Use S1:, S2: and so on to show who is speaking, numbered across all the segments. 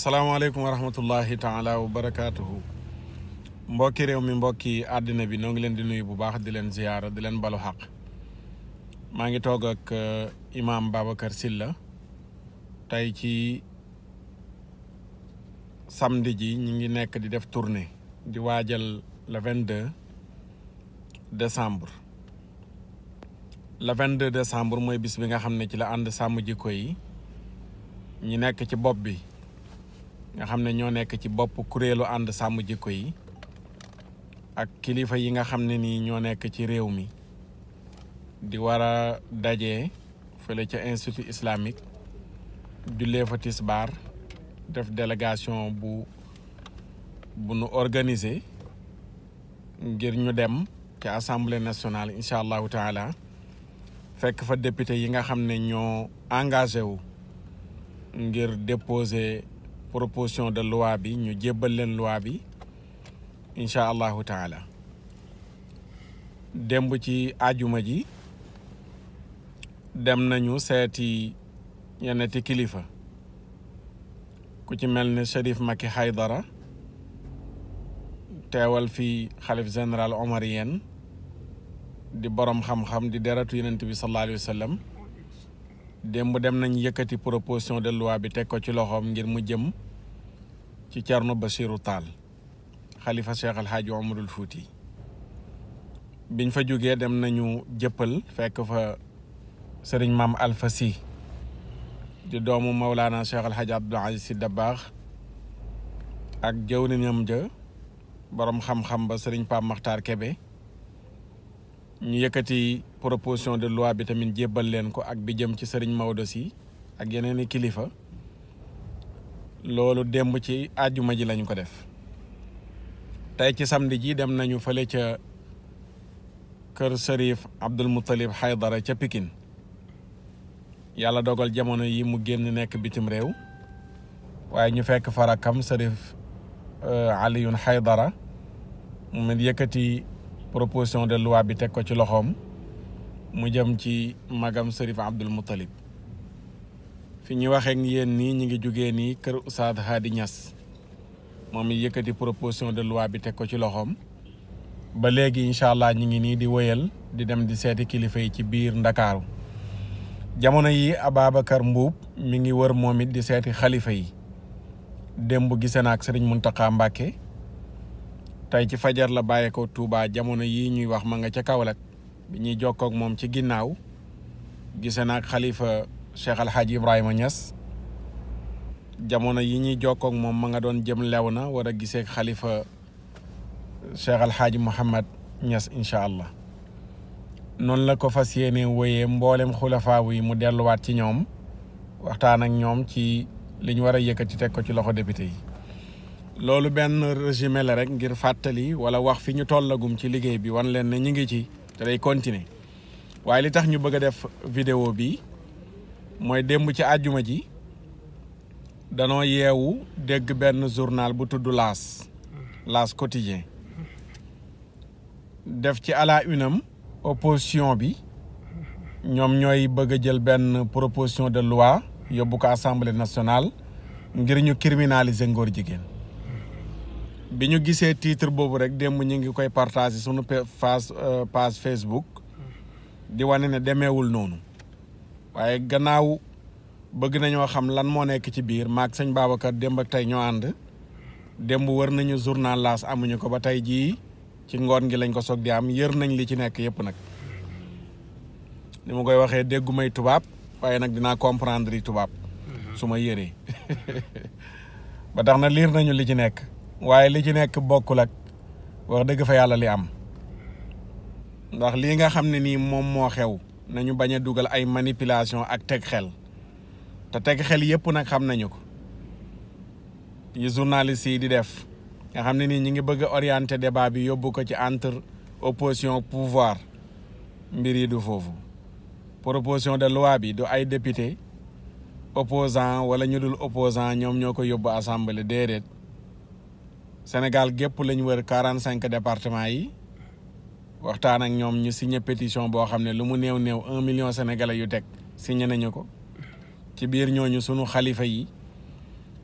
S1: asalaamaaleykum wa rahmatullahi taala wa barakaatuhu mbokki réew mi mbokki àddina bi noo ngi leen di nuyu bu baax di leen ziyaara di leen balu xaq maa ngi toog ak uh, imaam Babacar Sylla tey ci samdi ji ñu ngi nekk di def tournée di waajal le vingt deux décembre le vingt deux décembre mooy bis bi nga xam ne ci la ànd sàmm jikko yi ñi nekk ci bopp bi nga xam ne ñoo nekk ci bopp kuréelu ànd sàmm jikko yi ak kilifa yi nga xam ne nii ñoo nekk ci réew mi di war a daje fële ca institut islamique jullee fa tisbaar def délégation bu bu nu organiser ngir ñu dem ca assemblée nationale incha allahu taala fekk fa député yi nga xam ne ñoo engagé wu ngir déposer. proposition de loi bi ñu jébbal leen loi bi incha allahu taala démb ci ajuma ji dem nañu seeti yenn ti kilifa ku ci mel ni Cherif Maki Haydara teewal fi xalif général omariyen di borom xam-xam di deratu yonent bi sallallahu alayhi démb dem nañ yëkkati proposition de loi bi teg ko ci loxoom ngir mu jëm ci Thierno Bassirou Tall xalifa Cheikh El Hadj Omarul Fouti biñ fa jógee dem nañu jëppal fekk fa sëriñ maam Alpha Sy di doomu Maulana Cheikh El Hadj Abdoul Aziz Sy Dabakh ak jëwriñam ja borom xam-xam ba sëriñ Pape Makhtar Kébé ñu yëkkati proposition de loi bi tamit jébbal leen ko ak bi jëm ci sëriñ Maodo si ak yeneen i kilifa loolu démb ci àjjuma ji lañu ko def tey ci samdi ji dem nañu fële ca kër Sërif Abdul Muttalib Haydara ca Pikin yàlla dogal jamono yi mu génn nekk bitim réew waaye ñu fekk farakam Sërif euh, Aliyun Haydara mu yëkkati. proposition de loi bi teg ko ci loxoom mu jëm ci magam Serif Abdul Muttalib fi ñu waxee ak yéen nii ñu ngi jógee nii kër Oustaz Hady Niass moom yëkkati proposition de loi bi teg ko ci loxoom ba léegi incha allah ñu ngi nii di wëyal di dem di seeti kilifa yi ci biir ndakaaru jamono yi Ababacar Mbuub mi ngi wër moom it di seeti xalifa yi démb gise na ak Serigne Mountakha Mbacké tey ci fajar la bàyyeekoo Touba jamono yi ñuy wax ma nga ca Kaolack bi ñuy jokkook moom ci ginnaaw gise naag xalifa Cheikh Al Ibrahima Niass jamono yi ñuy jokkook moom ma nga doon jëm lew na war a gisee xalifa Cheikh Al Hadj Mouhamad Niass incha allah noonu la ko fas yéene wooyee mboolem xulafaaw yi mu delluwaat ci ñoom waxtaan ak ñoom ci li ñu war a yëkkati teg ko ci loxo député yi. loolu benn résumé la rek ngir fàttali wala wax fi ñu tollagum ci liggéey bi wan leen ne ñu ngi ci te day continuer waaye li tax ñu bëgg a def vidéo bi mooy démb ci àjjuma ji danoo yeewu dégg benn journal bu tudd laas laas quotidien def ci à la une am opposition bi ñoom ñooy bëgg a jël benn proposition de loi yóbbu ko assemblée nationale ngir ñu criminaliser ngóor jigéen bi ñu gisee titre boobu rek démb ñu ngi koy partagé sunu page euh, page Facebook di wane ne demewul noonu waaye gannaaw bëgg nañoo xam lan moo nekk ci biir maag sañ Babacar démb ak tey ñoo ànd démb wër nañu journal laas amuñu ko ba tey jii ci ngoon gi lañ ko soog di am yër nañ li ci nekk yëpp nag ni ma koy waxee déggu may tubaab waaye nag dinaa comprendre yi tubaab mm-hmm. su ma yëree ba tax na liir nañu li ci nekk waaye li ci nekk bokkul ak wax dëgg fa yàlla li am ndax lii nga xam ne nii moom moo xew nañu bañ a dugal ay manipulation ak teg xel te teg xel yëpp nag xam nañu ko yi journaliste yi di def nga xam ne nii ñi ngi bëgg a de débat bi yóbbu ko ci entre opposition pouvoir mbir yi du foofu proposition de loi bi du ay député opposant wala ñu dul opposant ñoom ñoo ko yóbbu assemblée déedéet Sénégal gépp lañu wër quarante cinq département yi waxtaan ak ñoom ñu signé pétition boo xam ne lu mu néew néew un million sénégalais yu teg signé nañu ko ci biir ñooñu sunu xalifa yi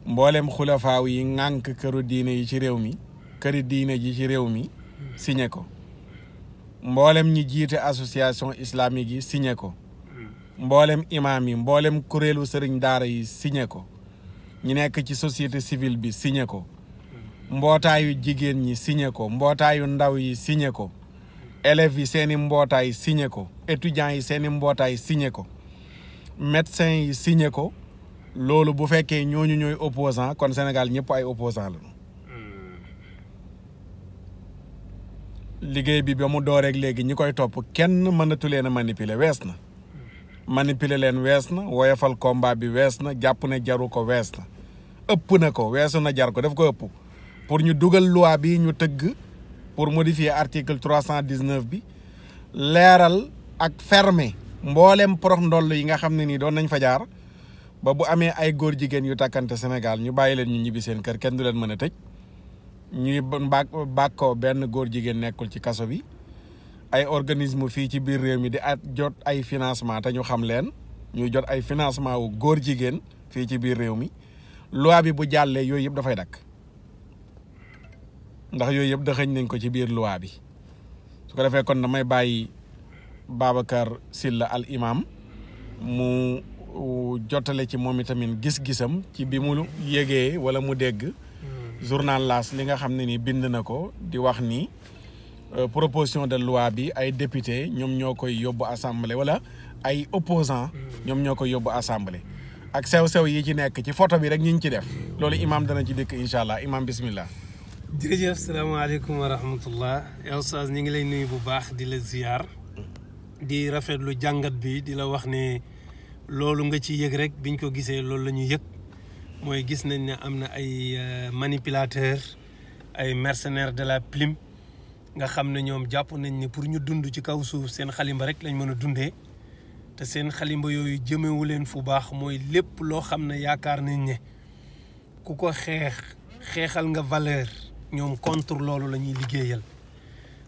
S1: mboolem xulafaaw yi ŋànk kër diine yi ci réew mi këri diine ji ci réew mi signé ko mboolem ñi jiite association islamique yi signé ko mboolem imam yi mboolem kuréelu sëriñ daara yi signé ko ñu nekk ci société civile bi signé ko mbootaayu jigéen ñi signé ko mbootaayu ndaw yi signé ko élèves yi seeni mbootaay signé ko étudiants yi seeni mbootaay signé ko médecins yi signé ko loolu bu fekkee ñooñu ñooy opposant kon Sénégal ñëpp ay opposant la liggéey bi ba mu door léegi ñu koy topp kenn mënatu leen a wees na manipuler leen wees na woyofal combat bi wees na jàpp ne jaru ko wees na ëpp na ko weesu na jar ko daf ko ëpp pour ñu dugal loi bi ñu tëgg pour modifier article trois cent dix-neuf bi leeral ak fermer mboolem porox ndoll yi nga xam ne nii doon nañ fa jaar ba bu amee ay góor jigéen yu takkante Sénégal ñu bàyyi leen ñu ñibbi seen kër kenn du leen mën a tëj ñuy ba bàkkoo benn góor jigéen nekkul ci kaso bi ay organisme fii ci biir réew mi di at jot ay financement te ñu xam leen ñuy jot ay financement wu góor jigéen fii ci biir réew mi loi bi bu jàllee yooyu yëpp dafay dakk ndax yooyu yëpp dëxëñ nañ ko ci biir loi bi su ko defee kon damay bàyyi Babacar Sylla al imam mu jottale ci moom itamit gis-gisam ci bi mu yégee wala mu dégg journal L'As li nga xam ne ni bind na ko di wax ni euh, proposition de loi bi ay député ñoom ñoo koy yóbbu assemblée wala ay opposant ñoom ñoo koy yóbbu assemblée ak sew-sew yi ci nekk ci foto bi rek ñu ngi ci def loolu imam dana ci dikk incha allah imam bismillah
S2: jërëjëf salaamaaleykum wa rahmatullah yow Oustaz ñu ngi lay nuyu bu baax di la ziyaar di rafetlu jàngat bi di la wax ne loolu nga ci yëg rek biñ ko gisee loolu la ñu yëg mooy gis nañ ne am na ay euh, manipulateur ay mercenaires de la plume nga xam ne ñoom jàpp nañ ne pour ñu dund ci kaw suuf seen xalimba rek lañ mën a dundee te seen xalimba yooyu jëmewu leen fu baax mooy lépp loo xam ne yaakaar nañ ne ku ko xeex xeexal nga valeur ñoom contre loolu la ñuy liggéeyal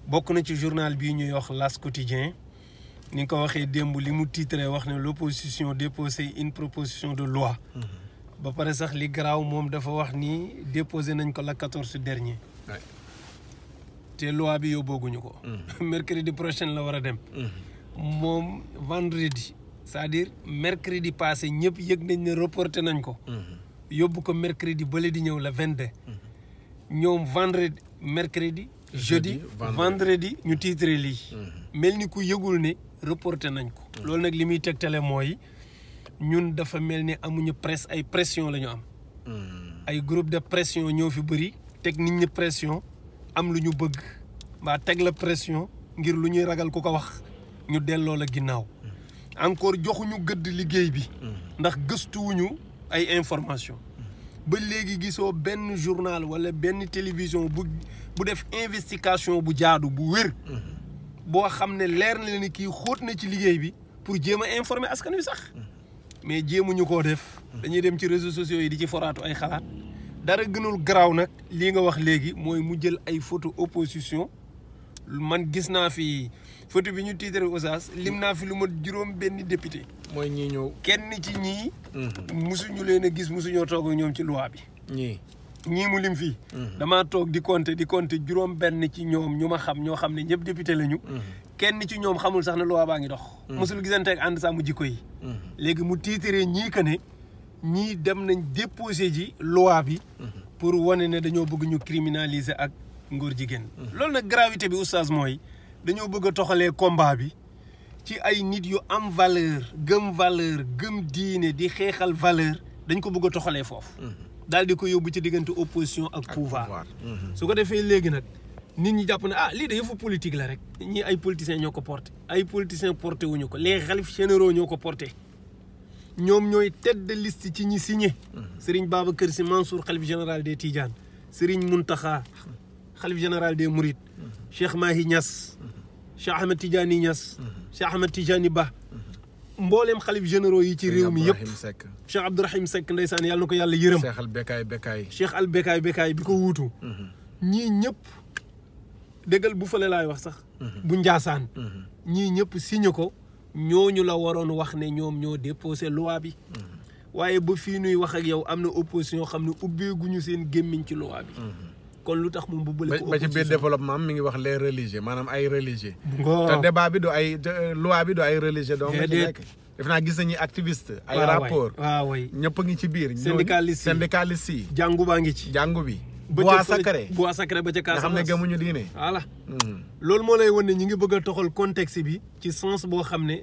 S2: bokk na ci journal bii ñuy wax L'As quotidien ni nga ko waxee démb li mu titré wax ne l'opposition déposé une proposition de loi mm-hmm. ba pare sax li garaaw moom dafa wax ni déposé nañ ko la quatorze dernier te loi bi yóbbooguñu ko mm-hmm. mercredi prochain la war a dem mm-hmm. moom vendredi c'est-à-dire mercredi passé ñëpp yëg nañ ne reporté nañ ko yóbbu ko mercredi bële di ñëw la vingt-deux ñoom vendredi mercredi. jeudi vendredi ñu tiitre lii. Mhm. mel ni ku yëgul ni reporté nañ ko. Mhm. loolu nag li muy teg tegtale mooy ñun dafa mel ni amuñu presse ay pression la ñu am. Mhm. ay groupe de pression ñoo fi bëri teg nit ñi pression am lu ñu bëgg mbaa teg la pression ngir lu ñuy ragal ku ko wax ñu delloo la ginnaaw. encore joxuñu gëdd liggéey bi. ndax gëstuwuñu ay information ba léegi gisoo benn journal wala benn télévision bu bu def investigation bu jaadu bu wér. Mm-hmm. boo xam ne leer na ni kii xóot na ci liggéey bi pour jéem a informer askan wi sax. Mm-hmm. mais jéemu ñu ko def. Mm-hmm. dañuy dem ci réseaux sociaux yi di ci foraatu ay xalaat. dara gënul garaaw nag lii nga wax léegi mooy mu jël ay photo opposition. man gis naa fi photo bi ñu tiitaree Oustaz lim naa fi lu ma juróom benn député. mooy ñii ñëw kenn ci ñii. musuñu mhm. leen a gis musuñoo toog ñoom ci loi bi. ñii ñii mu lim fii. Mhm. damaa toog di compter di compter juróom benn ci ñoom ñu ma xam ñoo xam ne ñëpp député lañu. Mhm. kenn ci ñoom xamul sax na loi baa ngi dox. musul gisante ak ànd mu jikko yi. léegi mu tiitaree ñii que ne ñii dem nañ déposé ji loi bi. pour wane ne dañoo bëgg ñu criminaliser ak. ngóor jigéen. loolu nag gravité bi oustaz mooy dañoo bëgg a toxalee combat bi ci ay nit yu am valeur gëm valeur gëm diine di xeexal valeur dañ ko bëgg a toxalee foofu. Mhm. daal di ko yóbbu ci diggante opposition ak pouvoir. Mhm. su ko defee léegi nag nit ñi jàpp ne ah lii de yëfu politique la rek. ñii ay politiciens ñoo ko porté. ay politiciens porté wuñu ko les xalif généraux ñoo ko porté. ñoom ñooy tête de liste ci ñi signé. Mhm. Serigne kër Sy Mansour xalif général des Tidiane Serigne Mountakha. xalif général des Mourides Cheikh Mahi Niass Cheikh Ahmed Tidiane Niass Cheikh Ahmed Tidiane Ba mbooleem xalif généraux yi ci réew mi yëpp Cheikh Abdourahim Seck ndeysaan yàlla na ko yàlla yërëm Cheikh al Bekaay Bekaay Cheikh al Bekaay Bekaay bi ko wuutu ñii bu fële laay wax sax bu njaasaan ñii ñëpp signé ko ñooñu la waroon wax ne ñoom ñoo déposé loi bi waaye ba fii nuy wax yow am na opposition xam ne ubbeeguñu seen gémmiñ ci loi kon lu tax mu bubbale ko ba ci biir développement mi ngi wax les
S1: religieux maanaam ay religieux te débat bi du ay euh, loi bi du ay religieux donc nekk def naa gis nañu activiste ay rapport ñëpp ngi ci biir syndicaliste syndicaliste yi
S2: jàngu baa ngi ci jàngu bi bois sacré bois sacré ba ca Casamance nga xam ne gëmuñu diine voilà hmm. moo lay wan ne ñi ngi bëgg a toxal contexte bi ci sens boo xam ne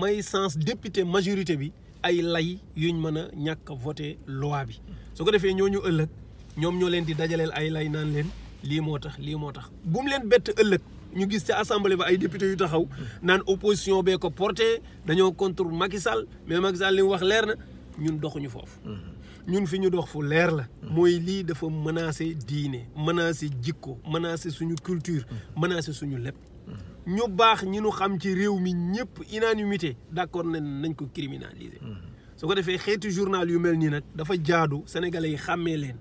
S2: may sens député majorité bi ay lay yu yuñ mën a ñàkk voté loi bi su ko defee ñooñu ëllëg ñoom ñoo leen di dajaleel ay lay naan leen lii moo tax lii moo tax bu leen bett ëllëg ñu gis ca assemblée ba ay député yu taxaw naan opposition bee ko porté dañoo contre Macky Sall mais Macky Sall wax leer na ñun doxuñu foofu ñun fi ñu dox fu leer la mooy lii dafa menacer diine menacer jikko menacer suñu culture menacer suñu leb ñu baax ñi nu xam ci réew mi ñëpp unanimité d'accord nañ nañ ko criminaliser su ko defee xeetu journal yu mel nii nag dafa jaadu sénégalais yi xàmmee leen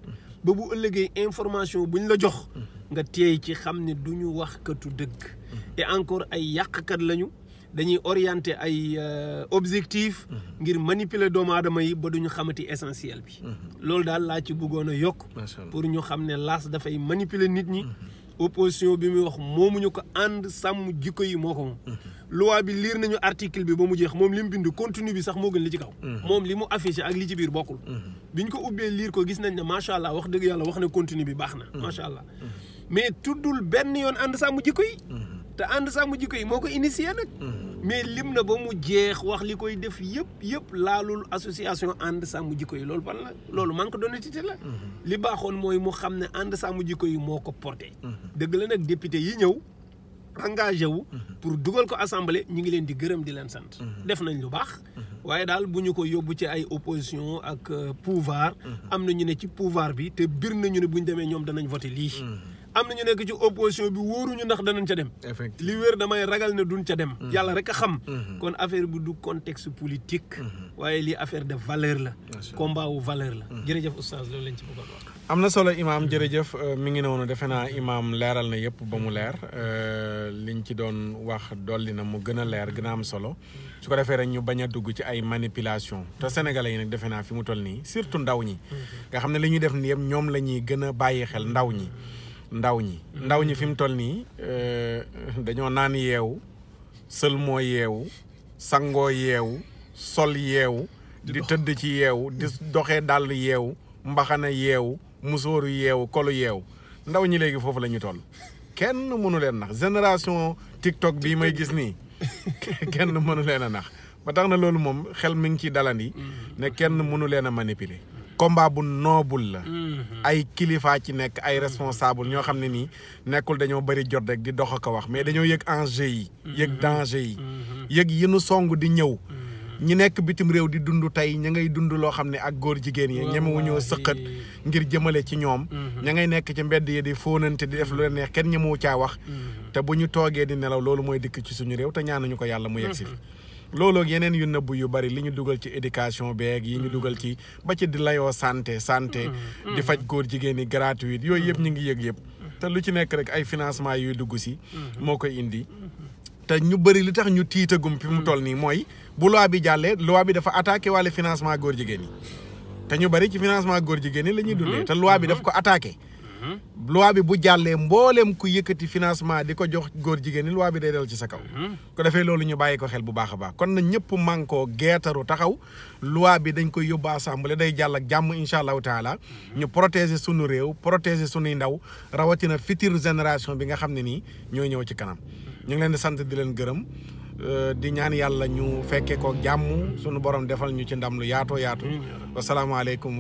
S2: ba bu ëllëgee information buñ la jox mhm. nga téey ci xam ne du ñu wax katu dëgg mhm. te encore ay yàqkat lañu dañuy orienté ay euh, objectif mhm. ngir manipule doomu aadama yi ba ñu xamati essentiel bi loolu daal laa ci bëggoon a yokk pour ñu xam ne laas dafay manipuler nit ñi opposition bi muy wax moomuñu ko ànd sàmm jikko yi moo ko moom. bi liir nañu article bi ba mu jeex moom li mu bind contenu bi sax moo gën li ci kaw. Mm-hmm. moom li mu affiché ak li ci biir bokkul. Mm-hmm. biñ ko ubbee liir ko gis nañ ne macha allah wax dëgg yàlla wax ne contenu bi baax na. Mm-hmm. macha allah mais tuddul benn yoon ànd sàmm jikko yi. te ànd sàmm jikko yi moo ko initié nag. mais lim na ba mu jeex wax li koy def yëpp yëpp laalul association ànd mujj ko yi loolu ban la loolu manque d'honnêteté la. Mhm. li baaxoon mooy mu xam ne ànd mujj ko yi moo ko porté. Mhm. dëgg la nag député yi ñëw engagé wu. Mhm. pour dugal ko assemblée ñu ngi leen di gërëm di leen sant. def nañ lu baax. waaye daal bu ñu ko yóbbu ci ay opposition ak euh, pouvoir. am na ñu ne ci pouvoir bi te bir nañu ne bu ñu demee ñoom danañ voté lii. am na ñu nekk ci opposition bi wóoruñu danañ ca dem. li wér damay ragal ne duñ ca dem. Mm-hmm. yàlla rek a mm-hmm. kon affaire bi du contexte politique. Mm-hmm. waaye lii affaire de valeur la. combat valeur la. jërëjëf oustaz loolu lañ ci
S1: bëggoon wax. am na solo imaam jërëjëf euh, mi ngi noonu defe naa imaam leeral na yëpp ba mu leer euh, liñ ci doon wax dolli na mu gën a leer gën am solo su ko defee rek ñu bañ a dugg ci ay manipulation te sénégalais yi nag defe naa fi mu toll nii surtout ndaw ñi. nga xam ne li ñuy def nii ñoom la ñuy gën a bàyyi xel ndaw ñi. ndaw ñi ndaw ñi fi mu toll nii euh, dañoo naan yeewu sël moo yeewu sangoo yeewu sol yeewu di tëdd ci yeewu di doxe dàll yeewu mbaxana yeewu musóoru yeewu kolu yeewu ndaw ñi léegi foofu la ñu toll kenn mënu leen nax génération TikTok bii may gis nii kenn mënu leen a nax ba tax na loolu moom xel mi ngi ciy dalandi mm. ne kenn mënu leen a manipuler combat bu noobul la. Mhm. ay kilifa ci nekk ay responsable ñoo xam ne nii nekkul dañoo bëri jot rek di dox ko wax mais dañoo yëg enjeu yi. yëg mhm. danger yi. Mhm. yëg yi nu song di ñëw. ñi nekk bitim réew di dund tey ña ngay dund loo xam ne ak góor jigéen yi ñemewuñoo sëqat ngir jëmale ci ñoom ña ngay nekk ci mbedd yi di fóonante di def lu leen neex kenn ñemewu caa wax te bu ñu toogee di nelaw loolu mooy dikk ci suñu réew te ñaanuñu ko yàlla mu yegg si fi loolu ak yeneen yu nëbb yu bari li ñu dugal ci éducation beeg yi ñu dugal ci ba ci di layoo santé santé mm-hmm. Mm-hmm. di faj góor jigéen yi gratuite yooyu yëpp ñu ngi yég yëpp mm-hmm. te lu ci nekk rek ay financement yuy dugg si moo koy indi te ñu bëri li tax ñu tiitagum fi mu toll nii mooy bu loi bi jàllee loi bi dafa attaqué wàllu financement góor jigéen yi te ñu bari ci financement góor jigéen yi la ñuy dundee te loi bi daf ko attaqué Mhm. loi bi bu jàllee mbooleem ku yëkkati financement di ko jox góor jigéen luwaa bi day dal ci sa kaw. Mhm. ko defee loolu ñu bàyyi ko xel bu baax a baax kon na ñëpp mànkoo geetaru taxaw loi bi dañ koy yóbbu assemblée day jàll ak jàmm incha allahu taala. Mhm. ñu protégé sunu réew protéger sunuy ndaw rawatina future génération bi nga xam ne nii ñooy ñëw ci kanam. ñu ngi leen sant di leen gërëm. Euh, di ñaan yàlla ñu fekke ko jàmm sunu borom defal ñu ci ndam lu yaatoo yaatu wasalaamaaleykum